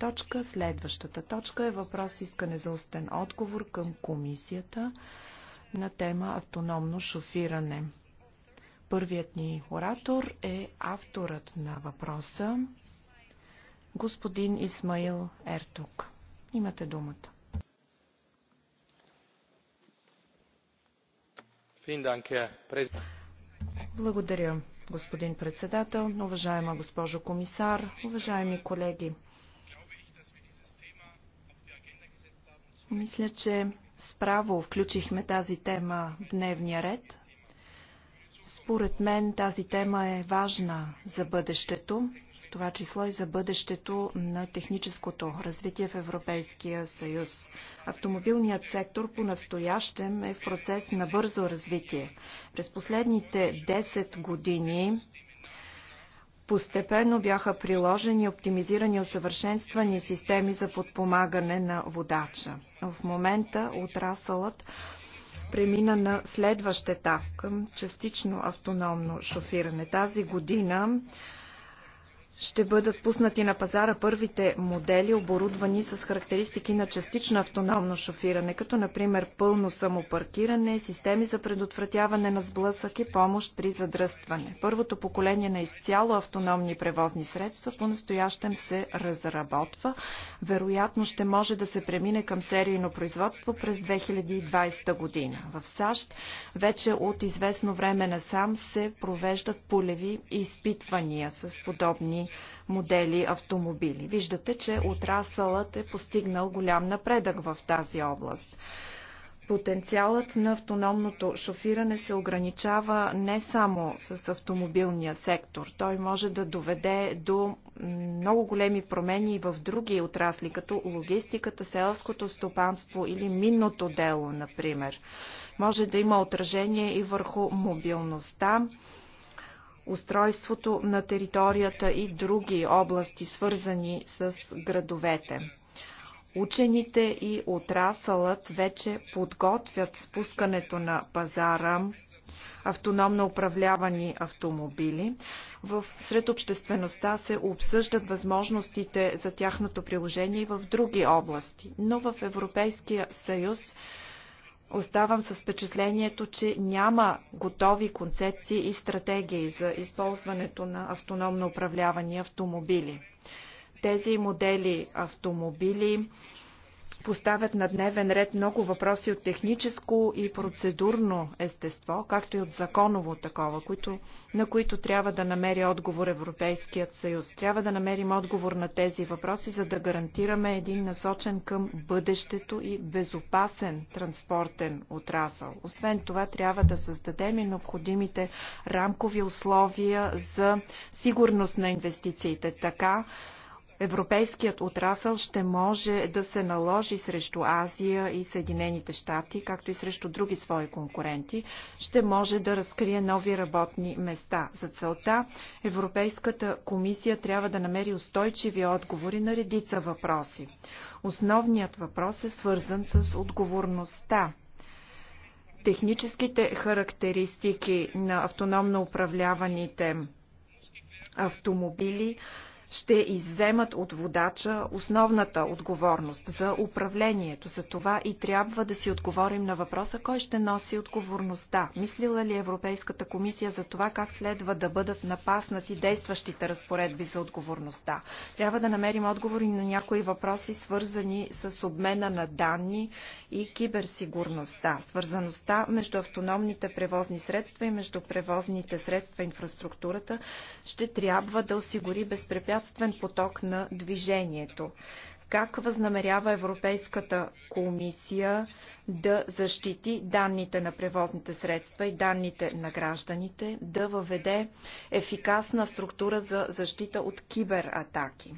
точка. Следващата точка е въпрос искане за устен отговор към комисията на тема автономно шофиране. Първият ни оратор е авторът на въпроса, господин Исмаил Ертук. Имате думата. Благодаря, господин председател, уважаема госпожо комисар, уважаеми колеги. Мисля, че справо включихме тази тема в дневния ред. Според мен тази тема е важна за бъдещето, в това число и за бъдещето на техническото развитие в Европейския съюз. Автомобилният сектор по-настоящем е в процес на бързо развитие. През последните 10 години Постепенно бяха приложени, оптимизирани и усъвършенствани системи за подпомагане на водача. В момента отрасълът премина на следващ етап към частично автономно шофиране. Тази година ще бъдат пуснати на пазара първите модели, оборудвани с характеристики на частично автономно шофиране, като например пълно самопаркиране, системи за предотвратяване на сблъсък и помощ при задръстване. Първото поколение на изцяло автономни превозни средства по-настоящем се разработва. Вероятно ще може да се премине към серийно производство през 2020 година. В САЩ вече от известно време насам се провеждат полеви изпитвания с подобни модели автомобили. Виждате, че отрасълът е постигнал голям напредък в тази област. Потенциалът на автономното шофиране се ограничава не само с автомобилния сектор. Той може да доведе до много големи промени и в други отрасли, като логистиката, селското стопанство или минното дело, например. Може да има отражение и върху мобилността, устройството на територията и други области, свързани с градовете. Учените и отрасълът вече подготвят спускането на пазара автономно управлявани автомобили. В, сред обществеността се обсъждат възможностите за тяхното приложение и в други области. Но в Европейския съюз оставам с впечатлението, че няма готови концепции и стратегии за използването на автономно управлявани автомобили. Тези модели автомобили поставят на дневен ред много въпроси от техническо и процедурно естество, както и от законово такова, които, на които трябва да намери отговор Европейският съюз. Трябва да намерим отговор на тези въпроси, за да гарантираме един насочен към бъдещето и безопасен транспортен отрасъл. Освен това, трябва да създадем и необходимите рамкови условия за сигурност на инвестициите. Така, европейският отрасъл ще може да се наложи срещу Азия и Съединените щати, както и срещу други свои конкуренти, ще може да разкрие нови работни места. За целта Европейската комисия трябва да намери устойчиви отговори на редица въпроси. Основният въпрос е свързан с отговорността техническите характеристики на автономно управляваните автомобили ще изземат от водача основната отговорност за управлението. За това и трябва да си отговорим на въпроса, кой ще носи отговорността. Мислила ли Европейската комисия за това как следва да бъдат напаснати действащите разпоредби за отговорността? Трябва да намерим отговори на някои въпроси, свързани с обмена на данни и киберсигурността, свързаността между автономните превозни средства и между превозните средства инфраструктурата ще трябва да осигури безпрепятствено безпрепятствен поток на движението. Как възнамерява Европейската комисия да защити данните на превозните средства и данните на гражданите, да въведе ефикасна структура за защита от кибератаки?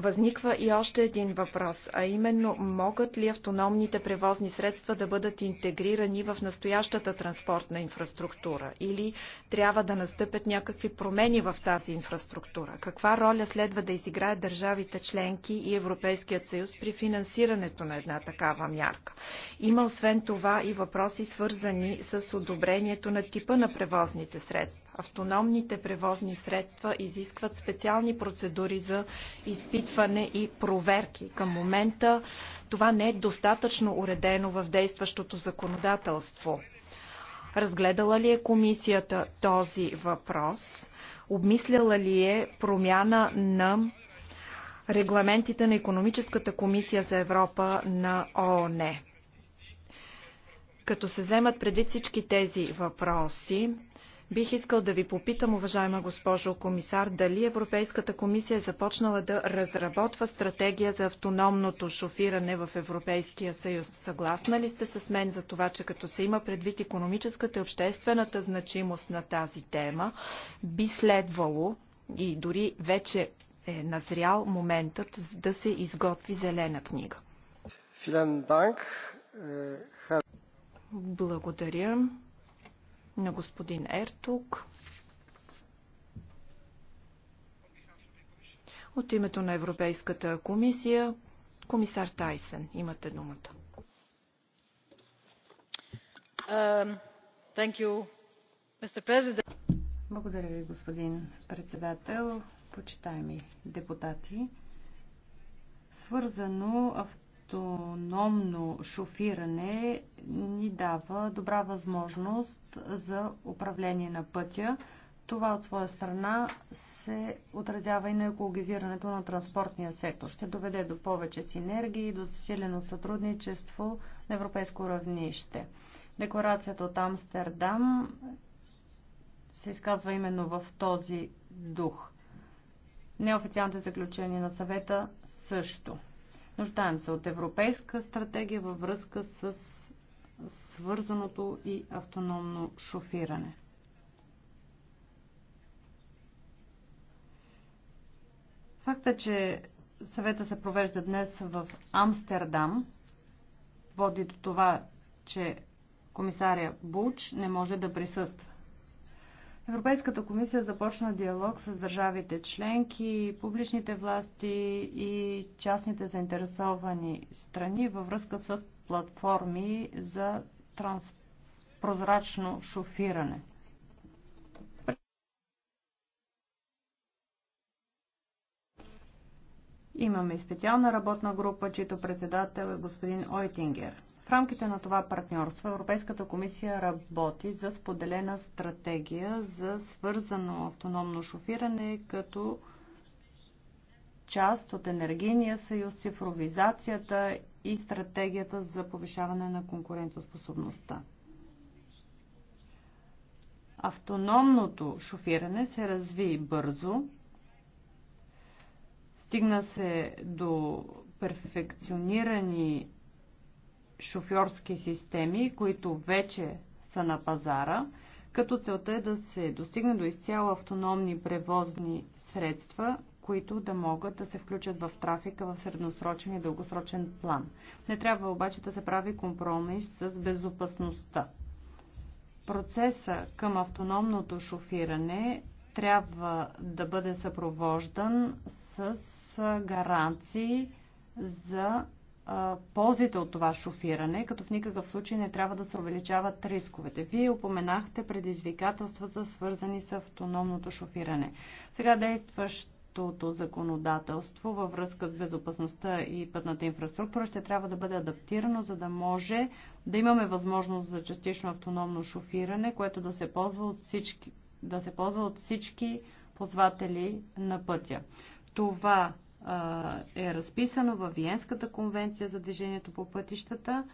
Възниква и още един въпрос, а именно могат ли автономните превозни средства да бъдат интегрирани в настоящата транспортна инфраструктура или трябва да настъпят някакви промени в тази инфраструктура? Каква роля следва да изиграят държавите членки и Европейският съюз при финансирането на една такава мярка? Има освен това и въпроси свързани с одобрението на типа на превозните средства. Автономните превозни средства изискват специални процедури за изпитване допитване и проверки. Към момента това не е достатъчно уредено в действащото законодателство. Разгледала ли е комисията този въпрос? Обмисляла ли е промяна на регламентите на Економическата комисия за Европа на ООН? Като се вземат преди всички тези въпроси, Бих искал да ви попитам, уважаема госпожо комисар, дали Европейската комисия е започнала да разработва стратегия за автономното шофиране в Европейския съюз. Съгласна ли сте с мен за това, че като се има предвид економическата и обществената значимост на тази тема, би следвало и дори вече е назрял моментът да се изготви зелена книга? Е, Благодаря на господин Ертук. От името на Европейската комисия, комисар Тайсен, имате думата. Um, you, Благодаря ви, господин председател. Почитаеми депутати, свързано в автономно шофиране ни дава добра възможност за управление на пътя. Това от своя страна се отразява и на екологизирането на транспортния сектор. Ще доведе до повече синергии и до засилено сътрудничество на европейско равнище. Декларацията от Амстердам се изказва именно в този дух. Неофициалните заключения на съвета също. Нуждаем се от европейска стратегия във връзка с свързаното и автономно шофиране. Факта, че съвета се провежда днес в Амстердам, води до това, че комисаря Буч не може да присъства. Европейската комисия започна диалог с държавите членки, публичните власти и частните заинтересовани страни във връзка с платформи за прозрачно шофиране. Имаме и специална работна група, чието председател е господин Ойтингер. В рамките на това партньорство Европейската комисия работи за споделена стратегия за свързано автономно шофиране като част от енергийния съюз, цифровизацията и стратегията за повишаване на конкурентоспособността. Автономното шофиране се разви бързо. Стигна се до перфекционирани шофьорски системи, които вече са на пазара, като целта е да се достигне до изцяло автономни превозни средства, които да могат да се включат в трафика в средносрочен и дългосрочен план. Не трябва обаче да се прави компромис с безопасността. Процеса към автономното шофиране трябва да бъде съпровождан с гаранции за ползите от това шофиране, като в никакъв случай не трябва да се увеличават рисковете. Вие упоменахте предизвикателствата, свързани с автономното шофиране. Сега действащото законодателство във връзка с безопасността и пътната инфраструктура ще трябва да бъде адаптирано, за да може да имаме възможност за частично автономно шофиране, което да се ползва от всички, да се ползва от всички ползватели на пътя. Това е разписано в Виенската конвенция за движението по пътищата,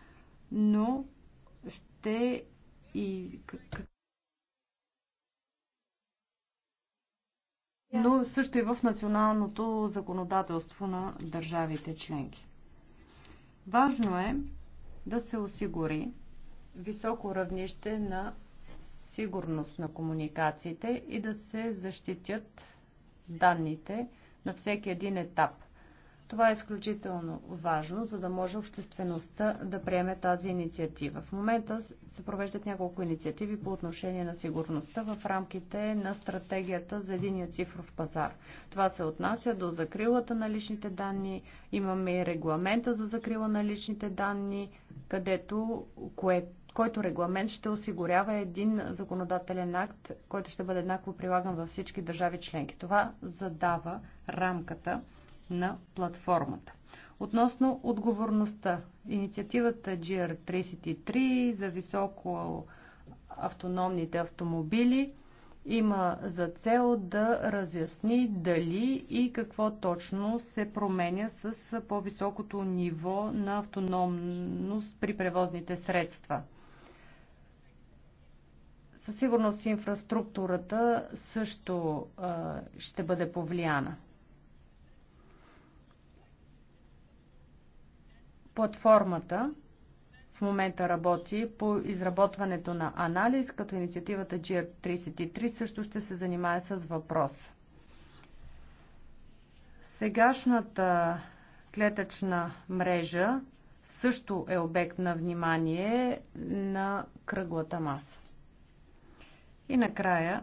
но ще и но също и в националното законодателство на държавите членки. Важно е да се осигури високо равнище на сигурност на комуникациите и да се защитят данните, на всеки един етап. Това е изключително важно, за да може обществеността да приеме тази инициатива. В момента се провеждат няколко инициативи по отношение на сигурността в рамките на стратегията за единия цифров пазар. Това се отнася до закрилата на личните данни. Имаме и регламента за закрила на личните данни, където, кое, който регламент ще осигурява един законодателен акт, който ще бъде еднакво прилаган във всички държави членки. Това задава рамката на платформата. Относно отговорността, инициативата GR33 за високо автономните автомобили има за цел да разясни дали и какво точно се променя с по-високото ниво на автономност при превозните средства – със сигурност инфраструктурата също а, ще бъде повлияна. Платформата в момента работи по изработването на анализ, като инициативата GR33 също ще се занимае с въпрос. Сегашната клетъчна мрежа също е обект на внимание на кръглата маса. И накрая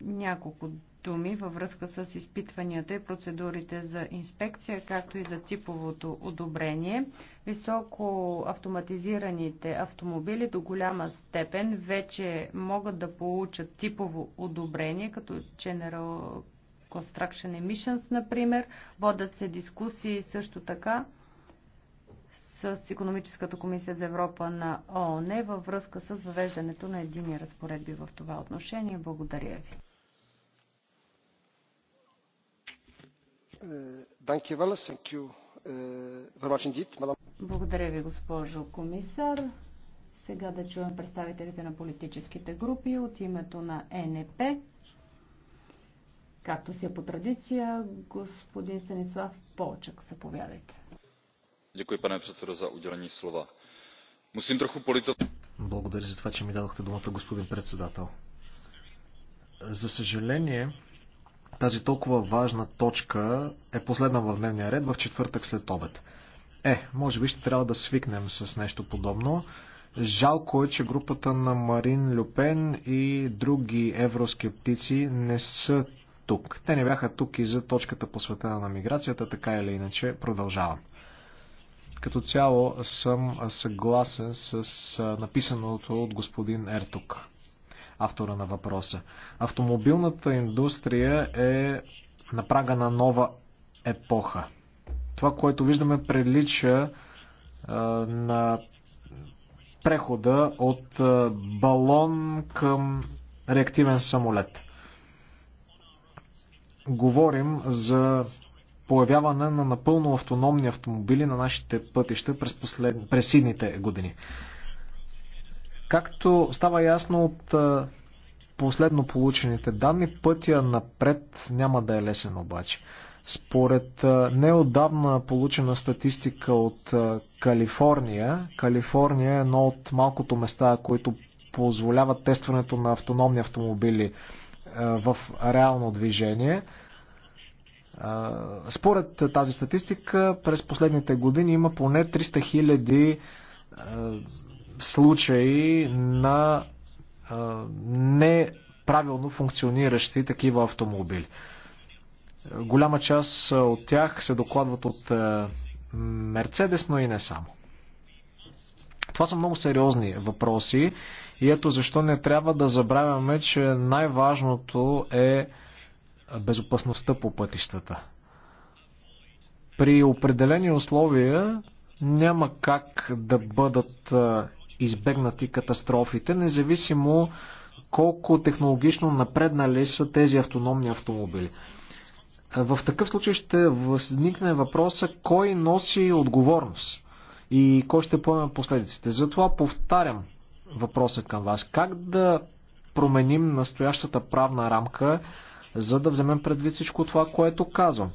няколко думи във връзка с изпитванията и процедурите за инспекция, както и за типовото одобрение. Високо автоматизираните автомобили до голяма степен вече могат да получат типово одобрение, като General Construction Emissions, например. Водят се дискусии също така с Економическата комисия за Европа на ООН във връзка с въвеждането на едини разпоредби в това отношение. Благодаря ви. Eh, Благодаря ви, госпожо комисар. Сега да чуем представителите на политическите групи от името на ЕНП. Както си е по традиция, господин Станислав Полчък, заповядайте pane předsedající musím trochu politovat. благодаря за това че ми дадохте думата господин председател. за съжаление тази толкова важна точка е последна в дневния ред в четвъртък след обед. Е, може би ще трябва да свикнем с нещо подобно. Жалко е, че групата на Марин Люпен и други евроскептици не са тук. Те не бяха тук и за точката посветена на миграцията, така или иначе продължавам. Като цяло съм съгласен с написаното от господин Ертук, автора на въпроса. Автомобилната индустрия е на прага на нова епоха. Това, което виждаме, прилича а, на прехода от а, балон към реактивен самолет. Говорим за появяване на напълно автономни автомобили на нашите пътища през, послед... през идните години. Както става ясно от последно получените данни, пътя напред няма да е лесен обаче. Според неодавна получена статистика от Калифорния, Калифорния е едно от малкото места, които позволяват тестването на автономни автомобили в реално движение – според тази статистика, през последните години има поне 300 хиляди случаи на неправилно функциониращи такива автомобили. Голяма част от тях се докладват от Мерцедес, но и не само. Това са много сериозни въпроси и ето защо не трябва да забравяме, че най-важното е безопасността по пътищата. При определени условия няма как да бъдат избегнати катастрофите, независимо колко технологично напреднали са тези автономни автомобили. В такъв случай ще възникне въпроса кой носи отговорност и кой ще поеме последиците. Затова повтарям въпроса към вас. Как да променим настоящата правна рамка, за да вземем предвид всичко това, което казвам.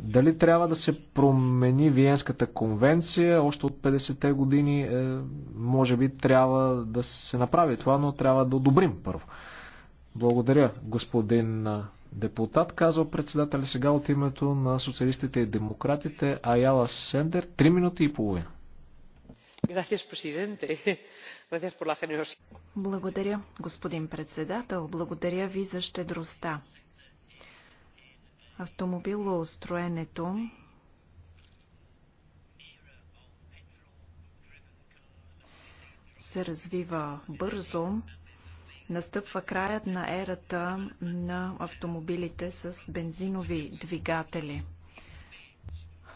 Дали трябва да се промени Виенската конвенция още от 50-те години? Е, може би трябва да се направи това, но трябва да одобрим първо. Благодаря, господин депутат, казва председателя сега от името на социалистите и демократите Аяла Сендер. Три минути и половина. Благодаря, господин председател. Благодаря ви за щедростта. Автомобилоустроенето. се развива бързо. Настъпва краят на ерата на автомобилите с бензинови двигатели.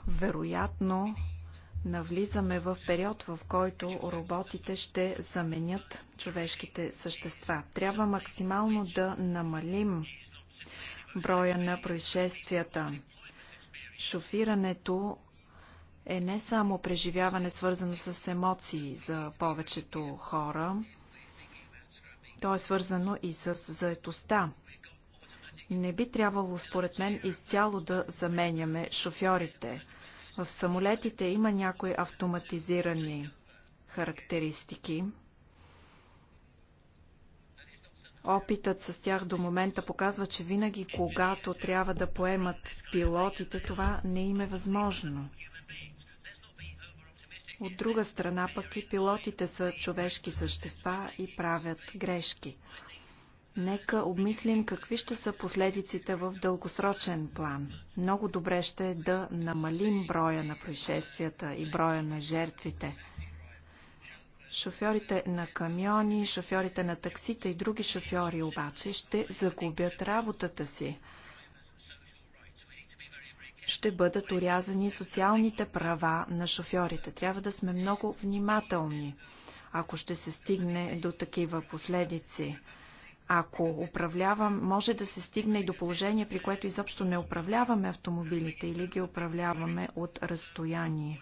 Вероятно, Навлизаме в период, в който роботите ще заменят човешките същества. Трябва максимално да намалим броя на происшествията. Шофирането е не само преживяване, свързано с емоции за повечето хора, то е свързано и с заетостта. Не би трябвало, според мен, изцяло да заменяме шофьорите. В самолетите има някои автоматизирани характеристики. Опитът с тях до момента показва, че винаги, когато трябва да поемат пилотите, това не им е възможно. От друга страна пък и пилотите са човешки същества и правят грешки. Нека обмислим какви ще са последиците в дългосрочен план. Много добре ще е да намалим броя на происшествията и броя на жертвите. Шофьорите на камиони, шофьорите на таксита и други шофьори обаче ще загубят работата си. Ще бъдат урязани социалните права на шофьорите. Трябва да сме много внимателни, ако ще се стигне до такива последици. Ако управлявам, може да се стигне и до положение, при което изобщо не управляваме автомобилите или ги управляваме от разстояние.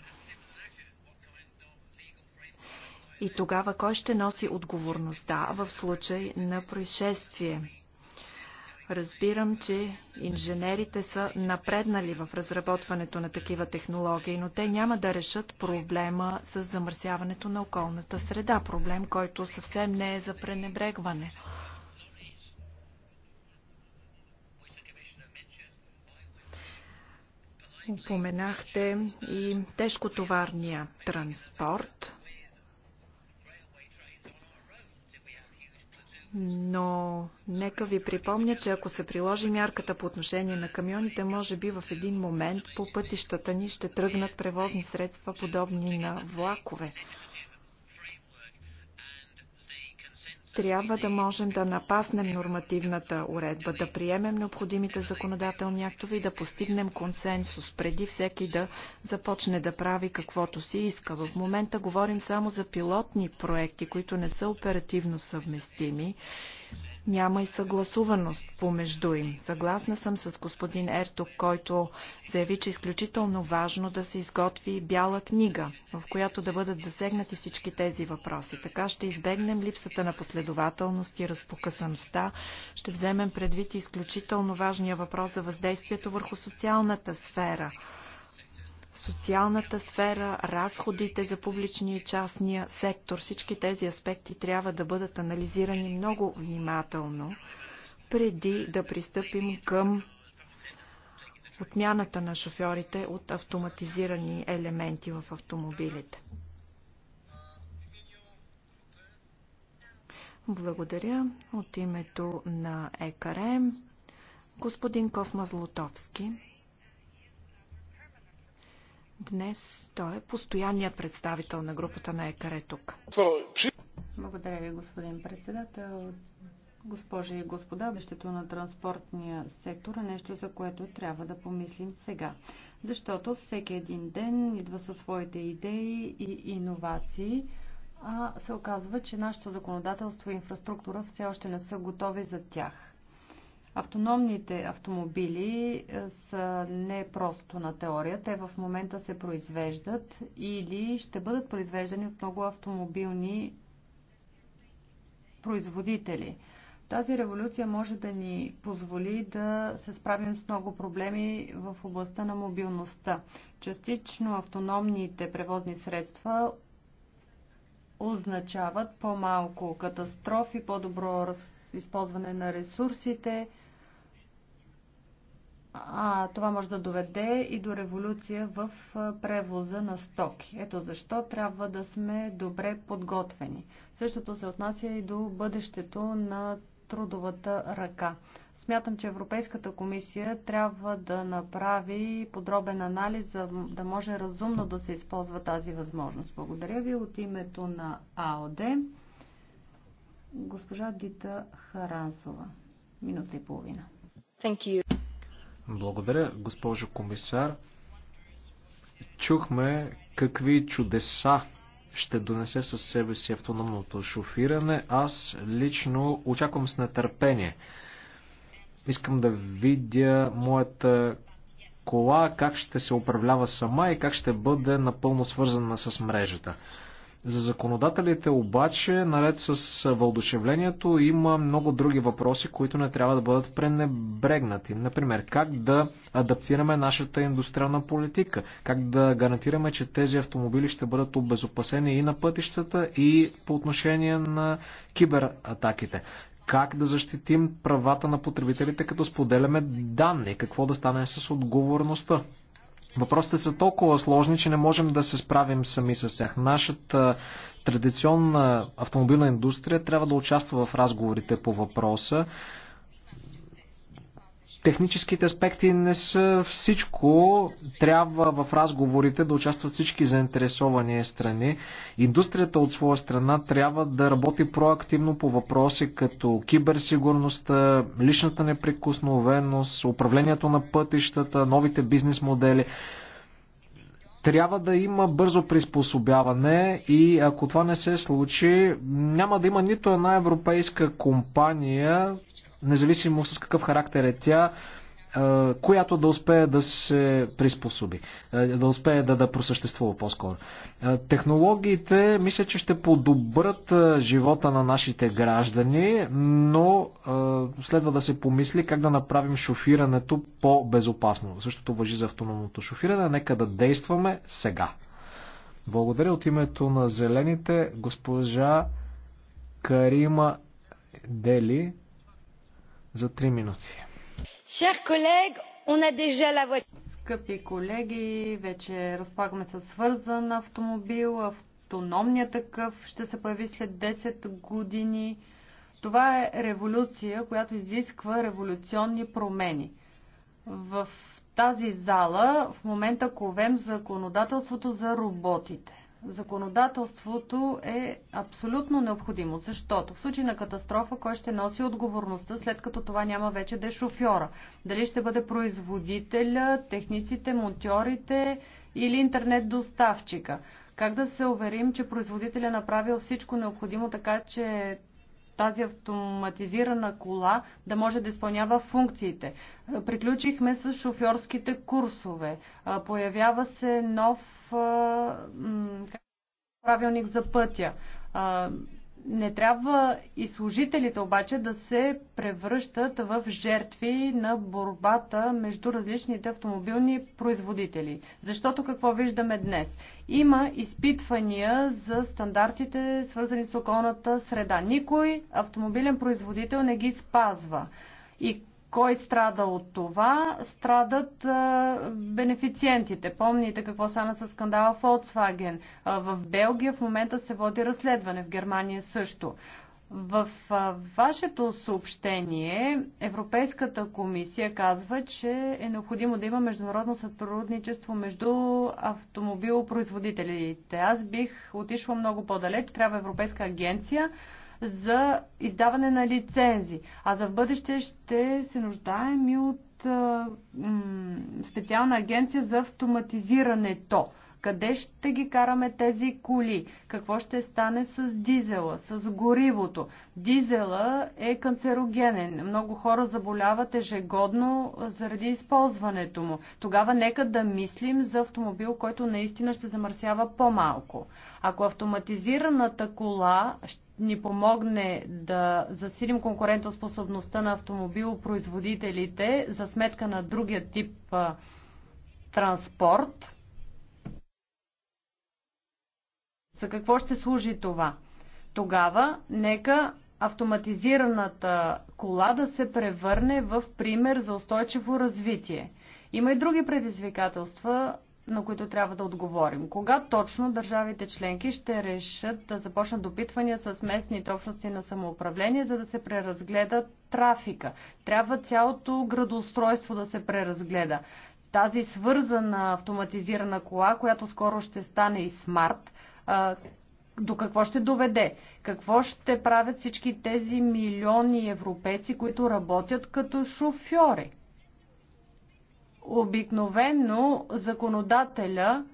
И тогава кой ще носи отговорността в случай на происшествие? Разбирам, че инженерите са напреднали в разработването на такива технологии, но те няма да решат проблема с замърсяването на околната среда. Проблем, който съвсем не е за пренебрегване. Упоменахте и тежкотоварния транспорт, но нека ви припомня, че ако се приложи мярката по отношение на камионите, може би в един момент по пътищата ни ще тръгнат превозни средства, подобни на влакове трябва да можем да напаснем нормативната уредба, да приемем необходимите законодателни актове и да постигнем консенсус, преди всеки да започне да прави каквото си иска. В момента говорим само за пилотни проекти, които не са оперативно съвместими няма и съгласуваност помежду им. Съгласна съм с господин Ерток, който заяви, че е изключително важно да се изготви бяла книга, в която да бъдат засегнати всички тези въпроси. Така ще избегнем липсата на последователност и разпокъсаността. Ще вземем предвид изключително важния въпрос за въздействието върху социалната сфера – в социалната сфера, разходите за публичния и частния сектор. Всички тези аспекти трябва да бъдат анализирани много внимателно, преди да пристъпим към отмяната на шофьорите от автоматизирани елементи в автомобилите. Благодаря от името на ЕКРМ господин Косма Злотовски. Днес той е постоянният представител на групата на ЕКАРЕ тук. Благодаря ви, господин председател. Госпожи и господа, бъдещето на транспортния сектор е нещо, за което трябва да помислим сега. Защото всеки един ден идва със своите идеи и иновации, а се оказва, че нашето законодателство и инфраструктура все още не са готови за тях. Автономните автомобили е, са не просто на теория. Те в момента се произвеждат или ще бъдат произвеждани от много автомобилни производители. Тази революция може да ни позволи да се справим с много проблеми в областта на мобилността. Частично автономните превозни средства означават по-малко катастрофи, по-добро използване на ресурсите, а това може да доведе и до революция в превоза на стоки. Ето защо трябва да сме добре подготвени. Същото се отнася и до бъдещето на трудовата ръка. Смятам, че Европейската комисия трябва да направи подробен анализ, за да може разумно да се използва тази възможност. Благодаря ви от името на АОД. Госпожа Дита Харансова. Минута и половина. Thank you. Благодаря, госпожо комисар. Чухме какви чудеса ще донесе със себе си автономното шофиране. Аз лично очаквам с нетърпение. Искам да видя моята кола, как ще се управлява сама и как ще бъде напълно свързана с мрежата. За законодателите обаче, наред с вълдушевлението, има много други въпроси, които не трябва да бъдат пренебрегнати. Например, как да адаптираме нашата индустриална политика, как да гарантираме, че тези автомобили ще бъдат обезопасени и на пътищата, и по отношение на кибератаките как да защитим правата на потребителите, като споделяме данни, какво да стане с отговорността. Въпросите са толкова сложни, че не можем да се справим сами с тях. Нашата традиционна автомобилна индустрия трябва да участва в разговорите по въпроса техническите аспекти не са всичко. Трябва в разговорите да участват всички заинтересовани страни. Индустрията от своя страна трябва да работи проактивно по въпроси като киберсигурността, личната неприкосновеност, управлението на пътищата, новите бизнес модели. Трябва да има бързо приспособяване и ако това не се случи, няма да има нито една европейска компания, независимо с какъв характер е тя, която да успее да се приспособи, да успее да, да просъществува по-скоро. Технологиите мисля, че ще подобрат живота на нашите граждани, но следва да се помисли как да направим шофирането по-безопасно. Същото въжи за автономното шофиране. Нека да действаме сега. Благодаря от името на зелените госпожа Карима Дели за 3 минути. Е Скъпи колеги, вече разполагаме със свързан автомобил, автономния такъв ще се появи след 10 години. Това е революция, която изисква революционни промени. В тази зала в момента ковем законодателството за роботите законодателството е абсолютно необходимо, защото в случай на катастрофа кой ще носи отговорността, след като това няма вече да е шофьора? Дали ще бъде производителя, техниците, монтьорите или интернет доставчика? Как да се уверим, че производителя е направил всичко необходимо, така че тази автоматизирана кола да може да изпълнява функциите. Приключихме с шофьорските курсове. Появява се нов правилник за пътя не трябва и служителите обаче да се превръщат в жертви на борбата между различните автомобилни производители. Защото какво виждаме днес? Има изпитвания за стандартите, свързани с околната среда. Никой автомобилен производител не ги спазва. И кой страда от това? Страдат а, бенефициентите. Помните какво стана с скандала Volkswagen. А, в Белгия в момента се води разследване, в Германия също. В а, вашето съобщение Европейската комисия казва, че е необходимо да има международно сътрудничество между автомобилопроизводителите. Аз бих отишла много по-далеч. Трябва Европейска агенция за издаване на лицензи. А за в бъдеще ще се нуждаем и от специална агенция за автоматизирането. Къде ще ги караме тези коли? Какво ще стане с дизела, с горивото? Дизела е канцерогенен. Много хора заболяват ежегодно заради използването му. Тогава нека да мислим за автомобил, който наистина ще замърсява по-малко. Ако автоматизираната кола ще ни помогне да засилим конкурентоспособността на автомобилопроизводителите за сметка на другия тип транспорт. За какво ще служи това? Тогава нека автоматизираната кола да се превърне в пример за устойчиво развитие. Има и други предизвикателства, на които трябва да отговорим. Кога точно държавите членки ще решат да започнат допитвания с местните общности на самоуправление, за да се преразгледа трафика? Трябва цялото градоустройство да се преразгледа. Тази свързана автоматизирана кола, която скоро ще стане и смарт, до какво ще доведе? Какво ще правят всички тези милиони европейци, които работят като шофьори? Обикновенно законодателя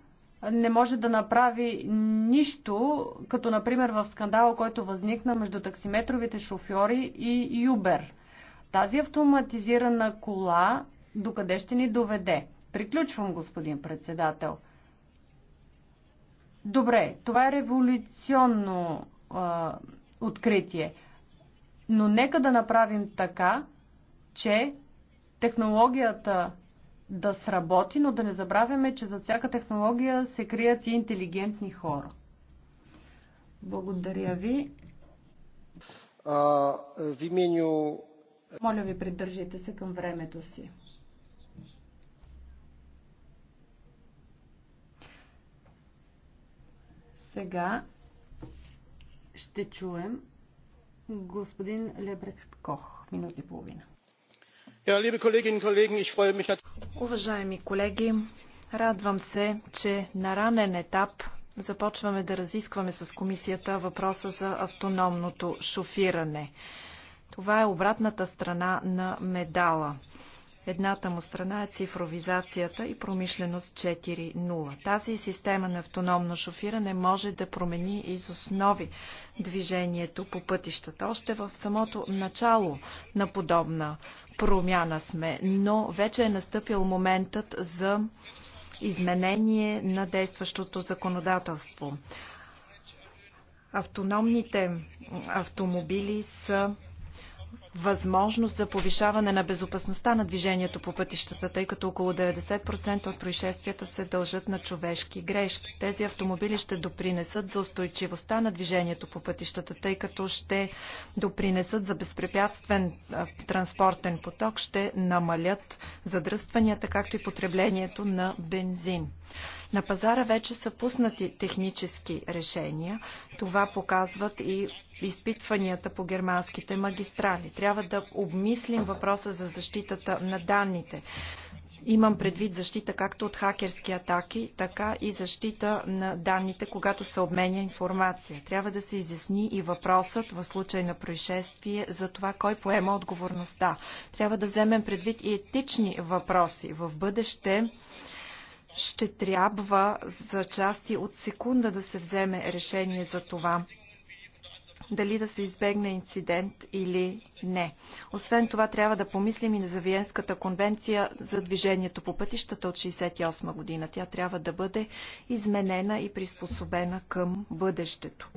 не може да направи нищо, като например в скандала, който възникна между таксиметровите шофьори и Юбер. Тази автоматизирана кола докъде ще ни доведе? Приключвам, господин председател. Добре, това е революционно а, откритие. Но нека да направим така, че технологията да сработи, но да не забравяме, че за всяка технология се крият и интелигентни хора. Благодаря ви. А, в именю... Моля ви, придържайте се към времето си. Сега ще чуем господин Лебрехт Кох, минути и половина. Уважаеми колеги, радвам се, че на ранен етап започваме да разискваме с комисията въпроса за автономното шофиране. Това е обратната страна на медала. Едната му страна е цифровизацията и промишленост 4.0. Тази система на автономно шофиране може да промени из основи движението по пътищата. Още в самото начало на подобна промяна сме, но вече е настъпил моментът за изменение на действащото законодателство. Автономните автомобили са възможност за повишаване на безопасността на движението по пътищата, тъй като около 90% от происшествията се дължат на човешки грешки. Тези автомобили ще допринесат за устойчивостта на движението по пътищата, тъй като ще допринесат за безпрепятствен транспортен поток, ще намалят задръстванията, както и потреблението на бензин. На пазара вече са пуснати технически решения. Това показват и изпитванията по германските магистрали. Трябва да обмислим въпроса за защитата на данните. Имам предвид защита както от хакерски атаки, така и защита на данните, когато се обменя информация. Трябва да се изясни и въпросът в случай на происшествие за това кой поема отговорността. Трябва да вземем предвид и етични въпроси. В бъдеще ще трябва за части от секунда да се вземе решение за това дали да се избегне инцидент или не. Освен това, трябва да помислим и за Виенската конвенция за движението по пътищата от 1968 година. Тя трябва да бъде изменена и приспособена към бъдещето.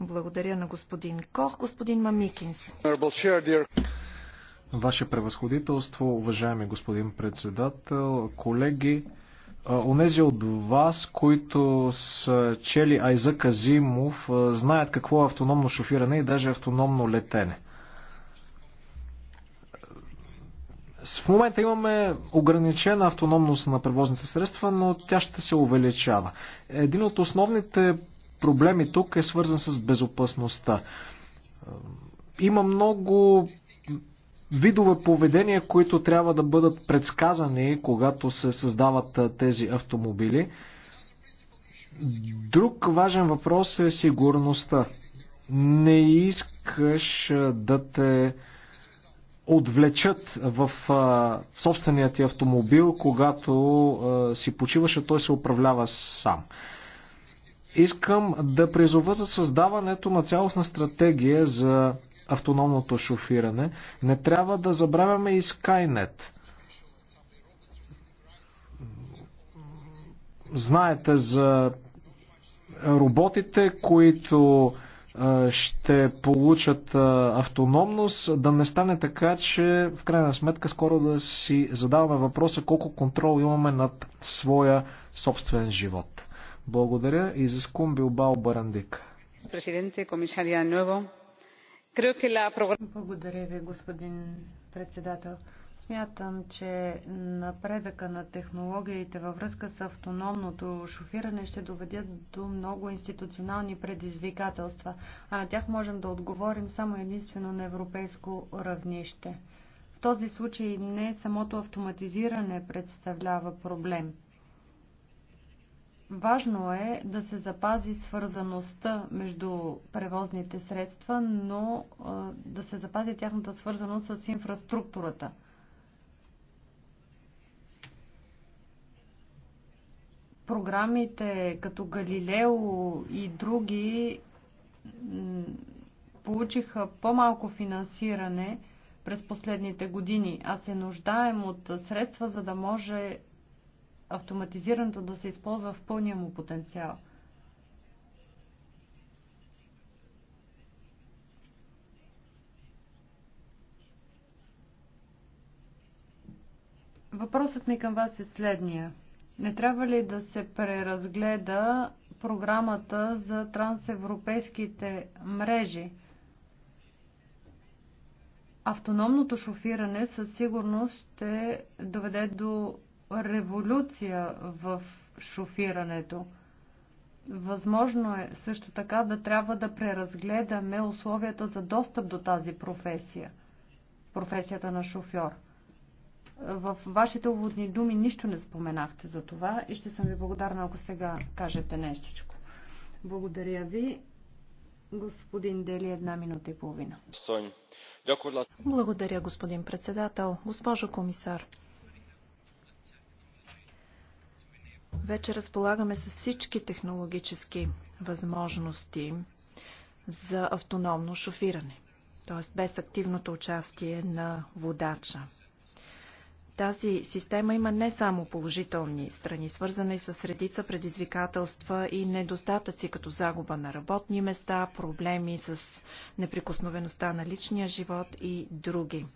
Благодаря на господин Кох. Господин Мамикинс. Ваше превъзходителство, уважаеми господин председател, колеги, Онези от вас, които са чели Айза Казимов, знаят какво е автономно шофиране и даже автономно летене. В момента имаме ограничена автономност на превозните средства, но тя ще се увеличава. Един от основните проблеми тук е свързан с безопасността. Е, има много видове поведения, които трябва да бъдат предсказани, когато се създават е, тези автомобили. Друг важен въпрос е сигурността. Не искаш е, да те отвлечат в собствения ти автомобил, когато си почиваш, а той се управлява сам. Искам да призова за създаването на цялостна стратегия за автономното шофиране. Не трябва да забравяме и Skynet. Знаете за роботите, които ще получат автономност, да не стане така, че в крайна сметка скоро да си задаваме въпроса колко контрол имаме над своя собствен живот. Благодаря и за скум Билбао Барандик. Е Благодаря ви, господин председател. Смятам, че напредъка на технологиите във връзка с автономното шофиране ще доведят до много институционални предизвикателства, а на тях можем да отговорим само единствено на европейско равнище. В този случай не самото автоматизиране представлява проблем – Важно е да се запази свързаността между превозните средства, но да се запази тяхната свързаност с инфраструктурата. Програмите като Галилео и други получиха по-малко финансиране през последните години, а се нуждаем от средства, за да може автоматизирането да се използва в пълния му потенциал. Въпросът ми към вас е следния. Не трябва ли да се преразгледа програмата за трансевропейските мрежи? Автономното шофиране със сигурност ще доведе до революция в шофирането. Възможно е също така да трябва да преразгледаме условията за достъп до тази професия, професията на шофьор. В вашите уводни думи нищо не споменахте за това и ще съм ви благодарна, ако сега кажете нещичко. Благодаря ви. Господин Дели, една минута и половина. Благодаря, господин председател. Госпожо комисар, Вече разполагаме с всички технологически възможности за автономно шофиране, т.е. без активното участие на водача. Тази система има не само положителни страни, свързана и с редица предизвикателства и недостатъци, като загуба на работни места, проблеми с неприкосновеността на личния живот и други.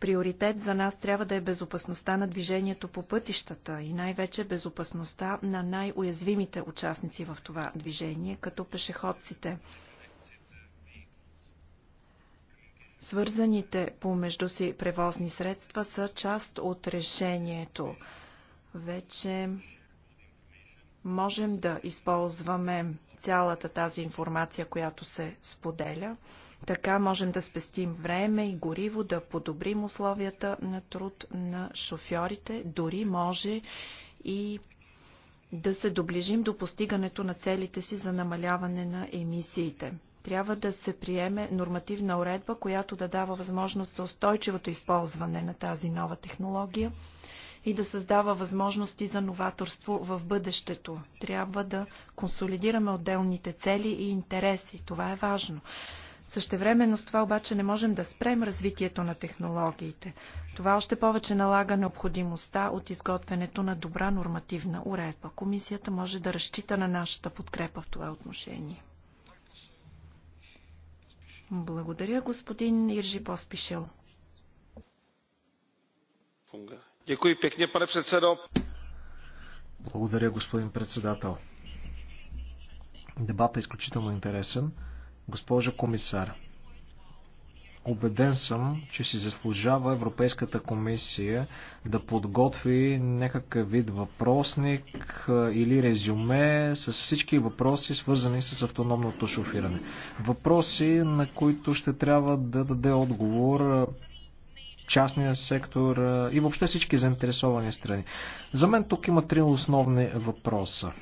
Приоритет за нас трябва да е безопасността на движението по пътищата и най-вече безопасността на най-уязвимите участници в това движение, като пешеходците. Свързаните помежду си превозни средства са част от решението. Вече можем да използваме цялата тази информация, която се споделя. Така можем да спестим време и гориво, да подобрим условията на труд на шофьорите, дори може и да се доближим до постигането на целите си за намаляване на емисиите. Трябва да се приеме нормативна уредба, която да дава възможност за устойчивото използване на тази нова технология и да създава възможности за новаторство в бъдещето. Трябва да консолидираме отделните цели и интереси. Това е важно. Същевременно с това обаче не можем да спрем развитието на технологиите. Това още повече налага необходимостта от изготвянето на добра нормативна уредба. Комисията може да разчита на нашата подкрепа в това отношение. Благодаря, господин Иржи Поспишел. Фунга pane předsedo. Благодаря, господин председател. Дебатът е изключително интересен. Госпожа комисар, убеден съм, че си заслужава Европейската комисия да подготви някакъв вид въпросник или резюме с всички въпроси, свързани с автономното шофиране. Въпроси, на които ще трябва да даде отговор частния сектор и въобще всички заинтересовани страни. За мен тук има три основни въпроса.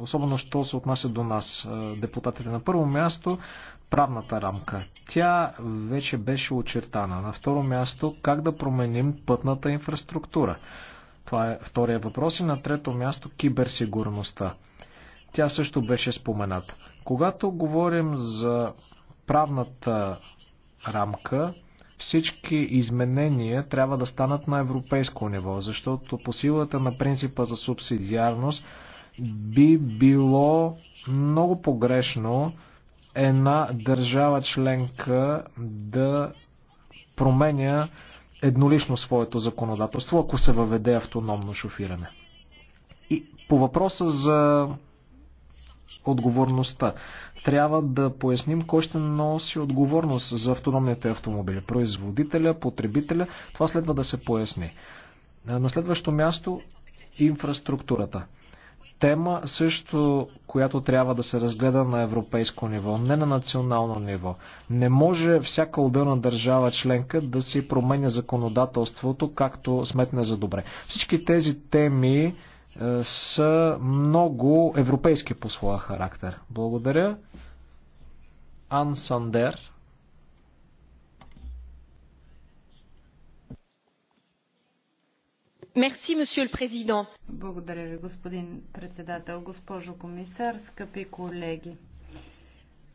Особено, що се отнася до нас, депутатите. На първо място, правната рамка. Тя вече беше очертана. На второ място, как да променим пътната инфраструктура. Това е втория въпрос. И на трето място, киберсигурността. Тя също беше спомената. Когато говорим за правната рамка, всички изменения трябва да станат на европейско ниво, защото по силата на принципа за субсидиарност би било много погрешно една държава членка да променя еднолично своето законодателство, ако се въведе автономно шофиране. И по въпроса за отговорността. Трябва да поясним кой ще носи отговорност за автономните автомобили. Производителя, потребителя, това следва да се поясни. На следващо място инфраструктурата. Тема също, която трябва да се разгледа на европейско ниво, не на национално ниво. Не може всяка отделна държава членка да си променя законодателството, както сметне за добре. Всички тези теми е, С много европейски по своя характер. Благодаря. Ан Сандер. Мерси, месье президент. Благодаря ви, господин председател, госпожо комисар, скъпи колеги.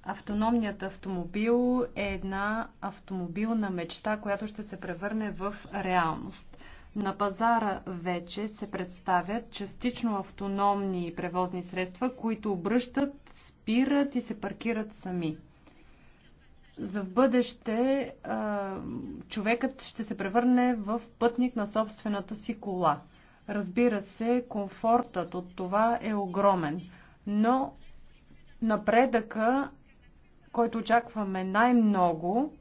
Автономният автомобил е една автомобилна мечта, която ще се превърне в реалност. На пазара вече се представят частично автономни превозни средства, които обръщат, спират и се паркират сами. За в бъдеще човекът ще се превърне в пътник на собствената си кола. Разбира се, комфортът от това е огромен, но напредъка, който очакваме най-много,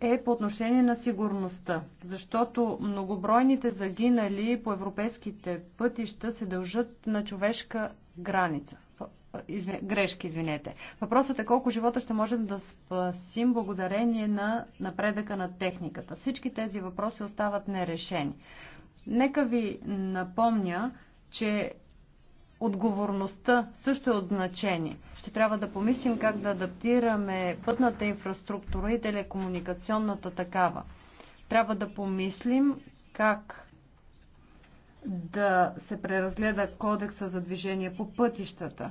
е по отношение на сигурността, защото многобройните загинали по европейските пътища се дължат на човешка граница. Изв... грешки, извинете. Въпросът е колко живота ще можем да спасим благодарение на напредъка на техниката. Всички тези въпроси остават нерешени. Нека ви напомня, че Отговорността също е от значение. Ще трябва да помислим как да адаптираме пътната инфраструктура и телекомуникационната такава. Трябва да помислим как да се преразгледа кодекса за движение по пътищата.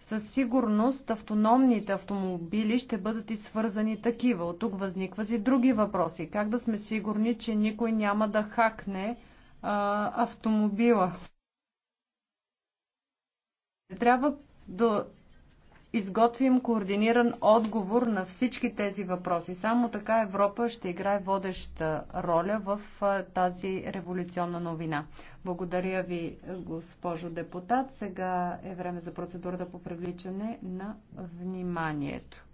Със сигурност автономните автомобили ще бъдат и свързани такива. От тук възникват и други въпроси. Как да сме сигурни, че никой няма да хакне а, автомобила? Трябва да изготвим координиран отговор на всички тези въпроси. Само така Европа ще играе водеща роля в тази революционна новина. Благодаря ви, госпожо депутат. Сега е време за процедурата по привличане на вниманието.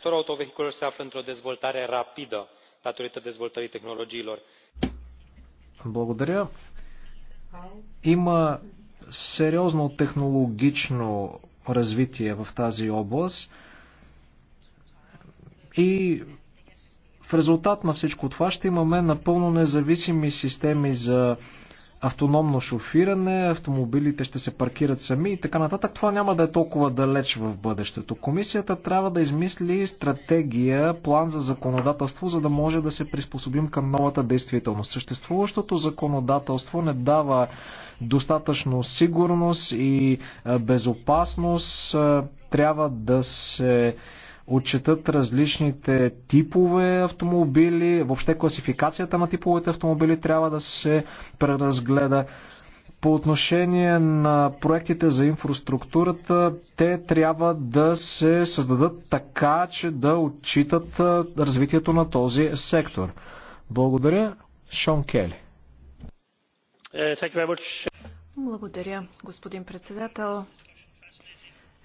sectorul autovehiculelor se află într o dezvoltare rapidă datorită dezvoltării tehnologiilor. Благодаря. Има сериозно технологично развитие в тази област и в резултат на всичко това ще имаме напълно независими системи за автономно шофиране, автомобилите ще се паркират сами и така нататък. Това няма да е толкова далеч в бъдещето. Комисията трябва да измисли стратегия, план за законодателство, за да може да се приспособим към новата действителност. Съществуващото законодателство не дава достатъчно сигурност и безопасност. Трябва да се отчитат различните типове автомобили, въобще класификацията на типовете автомобили трябва да се преразгледа. По отношение на проектите за инфраструктурата, те трябва да се създадат така, че да отчитат развитието на този сектор. Благодаря, Шон Кели. Е, Благодаря, господин председател.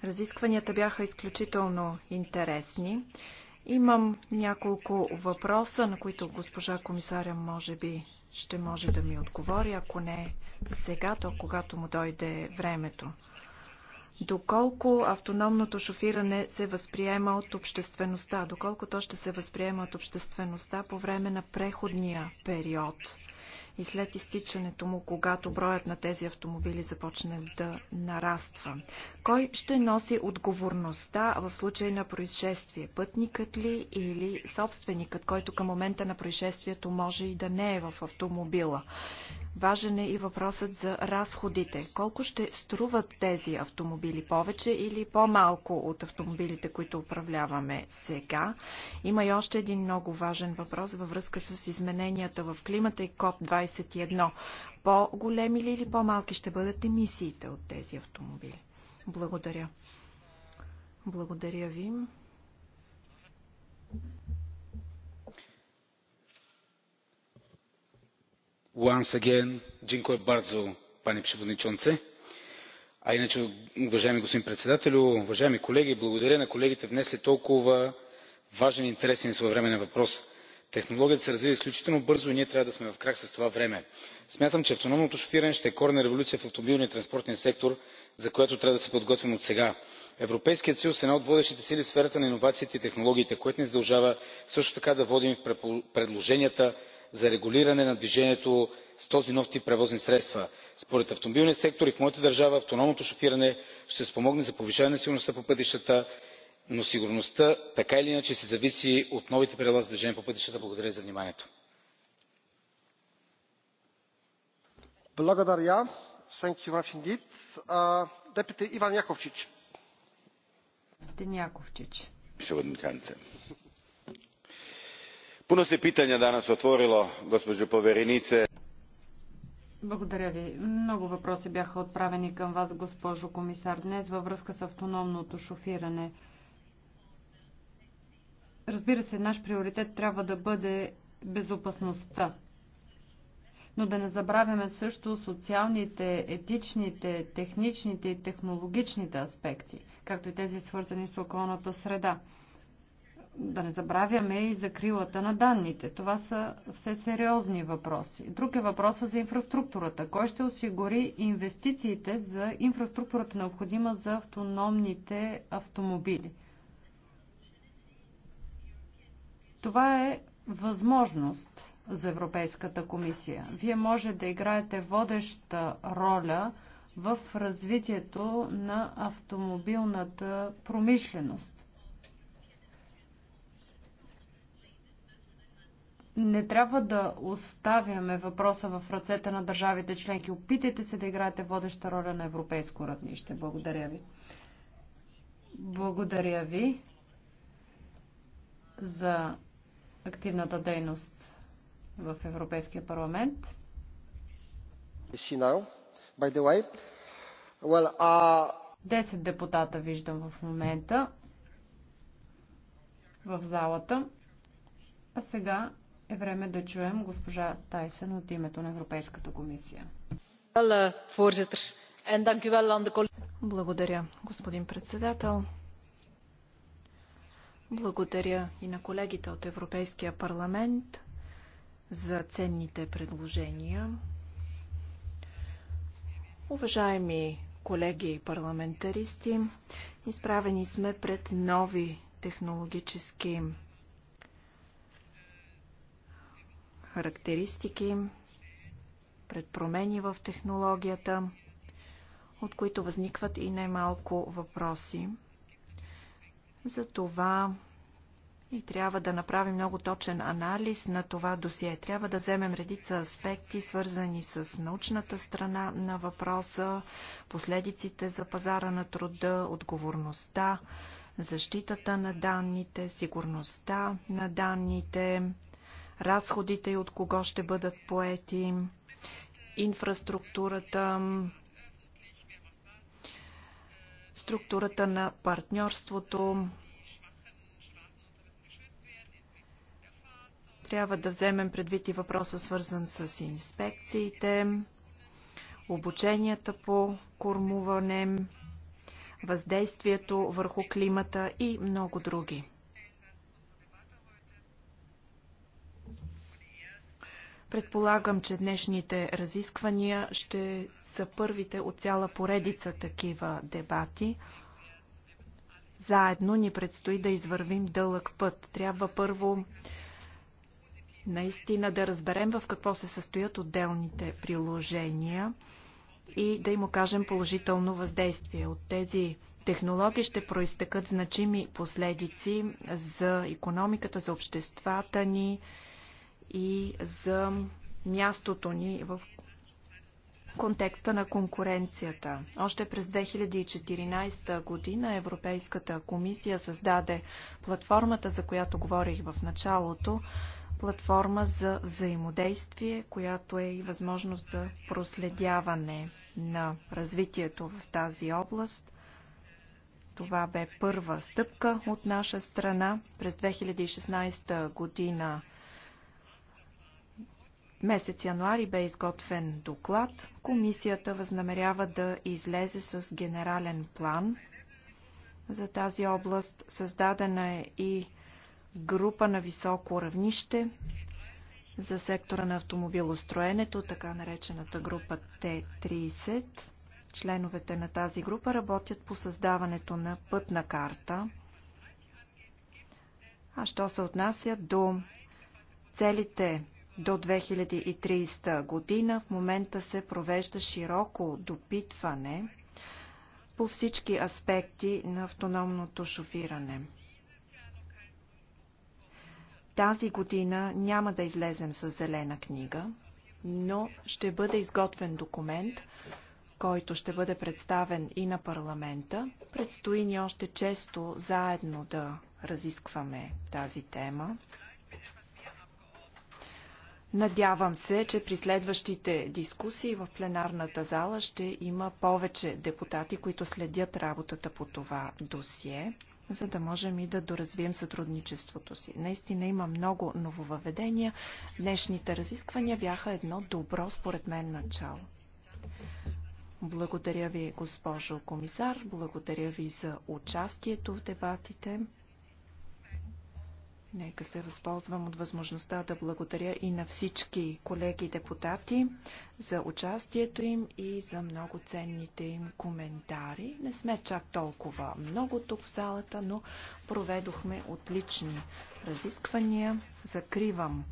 Разискванията бяха изключително интересни. Имам няколко въпроса, на които госпожа комисаря може би ще може да ми отговори, ако не за сега, то когато му дойде времето. Доколко автономното шофиране се възприема от обществеността? Доколко то ще се възприема от обществеността по време на преходния период? и след изтичането му, когато броят на тези автомобили започне да нараства. Кой ще носи отговорността в случай на происшествие? Пътникът ли или собственикът, който към момента на происшествието може и да не е в автомобила? Важен е и въпросът за разходите. Колко ще струват тези автомобили? Повече или по-малко от автомобилите, които управляваме сега? Има и още един много важен въпрос във връзка с измененията в климата и КОП 21 2021. По-големи ли или по-малки ще бъдат емисиите от тези автомобили? Благодаря. Благодаря ви. Once again, dziękuję bardzo, panie przewodniczący. А иначе, уважаеми господин председателю, уважаеми колеги, благодаря на колегите внесли толкова важен, интересен и своевременен въпрос технологията се развива изключително бързо и ние трябва да сме в крак с това време. смятам че автономното шофиране ще е коренна революция в автомобилния и сектор за която трябва да се подготвим отсега. европейският съюз е една от водещите сили в сферата на иновациите и технологиите което ни задължава също така да водим предложенията за регулиране на движението с този нов тип превозни средства. според автомобилния сектор и в моята държава автономното шофиране ще спомогне за повишаване сигурността по пътищата но сигурността така или иначе се зависи от новите правила за движение по пътищата. Благодаря за вниманието. Благодаря. Thank you, Депите Иван Яковчич. Яковчич. puno se pitanja danas otvorilo gospođo povjerenice. Благодаря ви. Много въпроси бяха отправени към вас, госпожо комисар, днес във връзка с автономното шофиране. Разбира се, наш приоритет трябва да бъде безопасността. Но да не забравяме също социалните, етичните, техничните и технологичните аспекти, както и тези свързани с околната среда. Да не забравяме и закрилата на данните. Това са все сериозни въпроси. Друг е въпросът за инфраструктурата. Кой ще осигури инвестициите за инфраструктурата необходима за автономните автомобили? Това е възможност за Европейската комисия. Вие може да играете водеща роля в развитието на автомобилната промишленост. Не трябва да оставяме въпроса в ръцете на държавите членки. Опитайте се да играете водеща роля на европейско равнище. Благодаря ви. Благодаря ви за активната дейност в Европейския парламент. Десет депутата виждам в момента в залата. А сега е време да чуем госпожа Тайсен от името на Европейската комисия. Eh, Благодаря, господин председател. Благодаря и на колегите от Европейския парламент за ценните предложения. Уважаеми колеги и парламентаристи, изправени сме пред нови технологически характеристики, пред промени в технологията, от които възникват и най-малко въпроси – затова и трябва да направим много точен анализ на това досие. Трябва да вземем редица аспекти, свързани с научната страна на въпроса, последиците за пазара на труда, отговорността, защитата на данните, сигурността на данните, разходите и от кого ще бъдат поети, инфраструктурата, структурата на партньорството. Трябва да вземем предвид и въпроса, свързан с инспекциите, обученията по кормуване, въздействието върху климата и много други. Предполагам, че днешните разисквания ще са първите от цяла поредица такива дебати. Заедно ни предстои да извървим дълъг път. Трябва първо наистина да разберем в какво се състоят отделните приложения и да им окажем положително въздействие. От тези технологии ще проистъкат значими последици за економиката, за обществата ни, и за мястото ни в контекста на конкуренцията. Още през 2014 година Европейската комисия създаде платформата, за която говорих в началото, платформа за взаимодействие, която е и възможност за проследяване на развитието в тази област. Това бе първа стъпка от наша страна. През 2016 година месец януари бе изготвен доклад. Комисията възнамерява да излезе с генерален план за тази област. Създадена е и група на високо равнище за сектора на автомобилостроенето, така наречената група Т-30. Членовете на тази група работят по създаването на пътна карта. А що се отнася до целите до 2030 година. В момента се провежда широко допитване по всички аспекти на автономното шофиране. Тази година няма да излезем с зелена книга, но ще бъде изготвен документ, който ще бъде представен и на парламента. Предстои ни още често заедно да разискваме тази тема. Надявам се, че при следващите дискусии в пленарната зала ще има повече депутати, които следят работата по това досие, за да можем и да доразвием сътрудничеството си. Наистина има много нововъведения. Днешните разисквания бяха едно добро, според мен, начало. Благодаря ви, госпожо комисар. Благодаря ви за участието в дебатите. Нека се възползвам от възможността да благодаря и на всички колеги депутати за участието им и за много ценните им коментари. Не сме чак толкова много тук в залата, но проведохме отлични разисквания. Закривам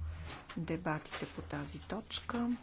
дебатите по тази точка.